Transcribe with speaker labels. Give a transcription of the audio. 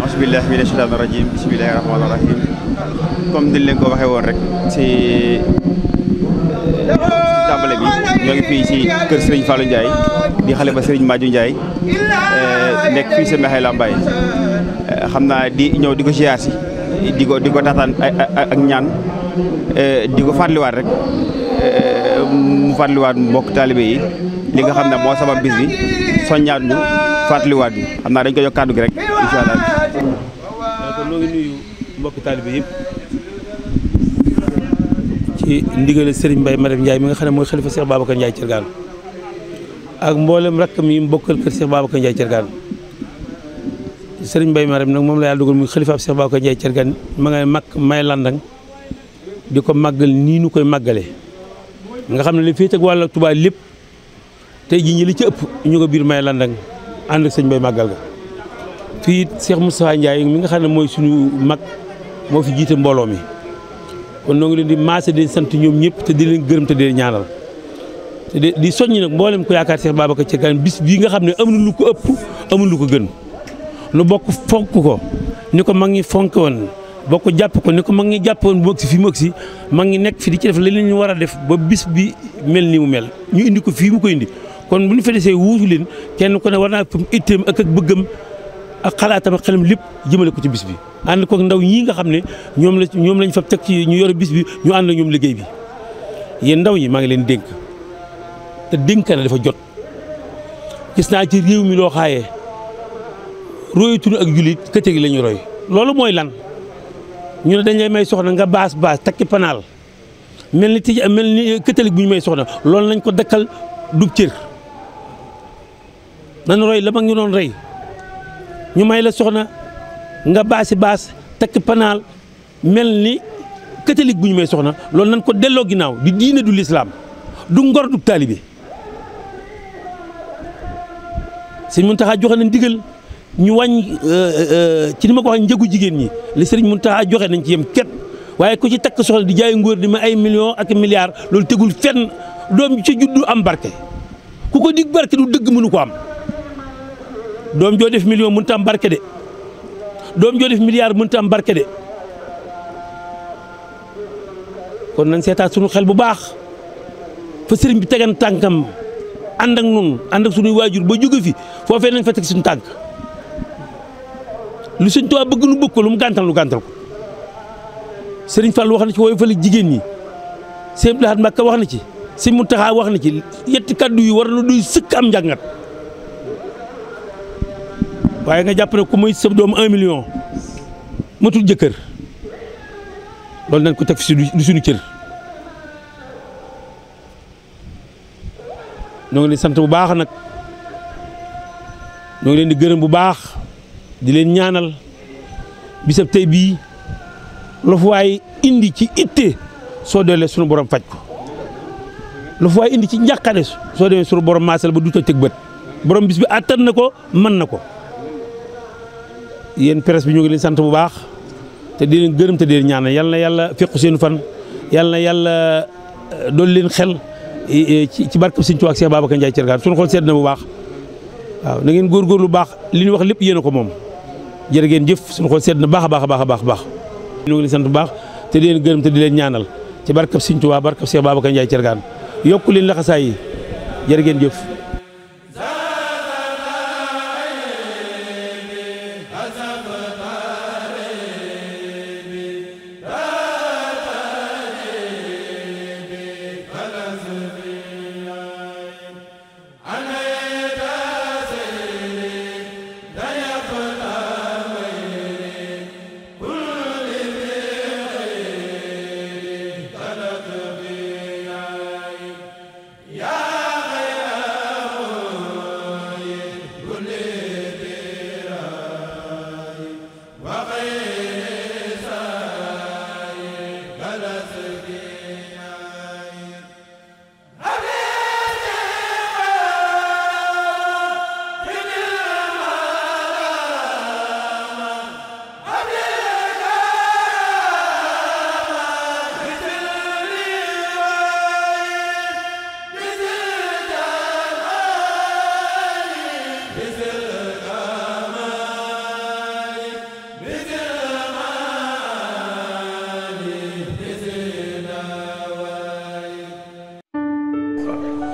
Speaker 1: aasbillahi mina shaytaani rajim bismillahi rahmaani rahim comme niñ leen ko waxee woon rek si tàmbale bi ñoo ngi fii si kër Serigne Fallou Ndiaye di xale ba Serigne Madiou Ndiaye eh, nekk fii sa Mekhe eh, xam naa di ñëw di ko ziar si di ko di ko tataan ak ñaan eh, di ko fàttaliwaat rek mu fàttaliwaat mbokk taalibe yi li nga xam ne moo sabab bis bi soññaat ñu fàttaliwaat ñu xam naa dañ ko jox kàddu gi rek incha allah. kon noo ngi nuyu mbokki yëpp ci ndigal Serigne Mbaye Madame Ndiaye mi nga xam ne mooy xalifa Cheikh Babacar Ndiaye Thiergane ak mboolem rakkam yi mu bokkal kër Cheikh Babacar Ndiaye Thiergane Serigne Mbaye Madame nag moom la yàlla dugal muy xalifa Cheikh ma nga mag may landang di ko màggal nii nu koy màggalee. nga xam ne li fii teg walla Touba lépp tey jii ñi li ci ëpp ñu ko biir may landang ànd ak sëñ Bay màggal ga fii Cheikh Moustapha Ndiaye mi nga xam ne mooy suñu mag moo fi jiite mbooloo mi kon noo ngi leen di maase di sant ñoom ñëpp te di leen gërëm dee di leen ñaanal te di soñ nag mboolem ko yaakaar Cheikh Babacar Thiaw Kane bis bii nga xam ne amul lu ko ëpp amul lu ko gën nu bokk fonk ko ñu ko mag ñi fonk woon bokk jàpp ko ni ko mag ngi jàppoon bu mag si fi mu mag ngi nekk fi di ci def leneen ñu war a def ba bis bi mel ni mu mel ñu indi ko fii mu ko indi kon bu ñu fa desee wuutu leen kenn ku ne war naa fam itteem ak ak bëggam ak xalaatam ak xelam lépp jëmale ko ci bis bi ànd kook ndaw ñii nga xam ne ñoom la ñoom lañ fa teg ci ñu yor bis bi ñu ànd ñoom liggéey bi yéen ndaw ñi maa ngi leen dénk te dénkaane dafa jot gis naa ci réew mi loo xaayee royatuñu ak jullit këccëg la loolu mooy lan ñu ne dañ lay may soxna nga baas baas takki panaal mel ni tij mel ni catholique bu ñu may soxna loolu lañ ko dakkal dub cër nan roy la mag ñu rey ñu may la soxna nga baasi baas takki panaal mel ni catholique bu may soxna loolu nañ ko delloo ginnaaw di diine du lislaam du ngor du taalibe sëñ Muntaxa joxe na ndigal ñu wàññi euh, euh, euh, ci ni ma ko waxee njëgu jigéen ñi li sëriñ Mountakha joxe nañ ci yem ket waaye ku ci takk soxla di jaay ngóor di ma ay millions ak milliards loolu tegul fenn doom ci juddu am barke ku ko digg barke du dëgg mënu ko am doom joo def million mënut am barke de doom joo def milliard mënut am barke de kon nañ seetaat suñu xel bu baax fa sëriñ bi tegen tànkam ànd ak nun ànd ak suñuy waajur ba jóge fi foofee nañ fa teg suñu tànk lu sëñ Tuubaa bëgg nu bëgg ko lu mu gàntal nu gàntal ko sëriñ Fall wax na ci wooyu fële jigéen ñi sëñ Abdul Ahad Mbakke wax na ci sëñ a wax na ci yetti kaddu yi war na duy sëkk am njàngat waaye nga jàpp ne ku muy sa doom un matul jëkkër loolu nañ ko teg fi du suñu cër ñoo ngi leen sant bu baax nag ñoo ngi leen di gërëm bu baax di leen ñaanal bisab tey bii lu indi ci itte soo doolee sunu borom faj ko lu fu indi ci njàqare soo doolee sunu borom maasal ba du tëj tëg bët borom bis bi attan na ko mën na ko yéen peres bi ñu ngi leen sant bu baax te di leen gërëm te di leen ñaanal yal na yàlla fekku seenu fan yal na yàlla euh, dool leen xel ci barkab Sëñ Tuubaa ak Cheikh Babacar Ndiaye Thiergane suñu xol sedd na bu baax waaw na ngeen góorgóorlu lu baax li ñu wax lépp yéen ko moom. jërë ngeen jëf suñu xool sedd na baax a baax a baax a baax baax ñu sant bu baax te di leen gërëm te di leen ñaanal ci barkab Sëriñ Tuubaa barkab Seex Babacar Ndiaye Thiergane yokku leen laxasaay yi jërë ngeen jëf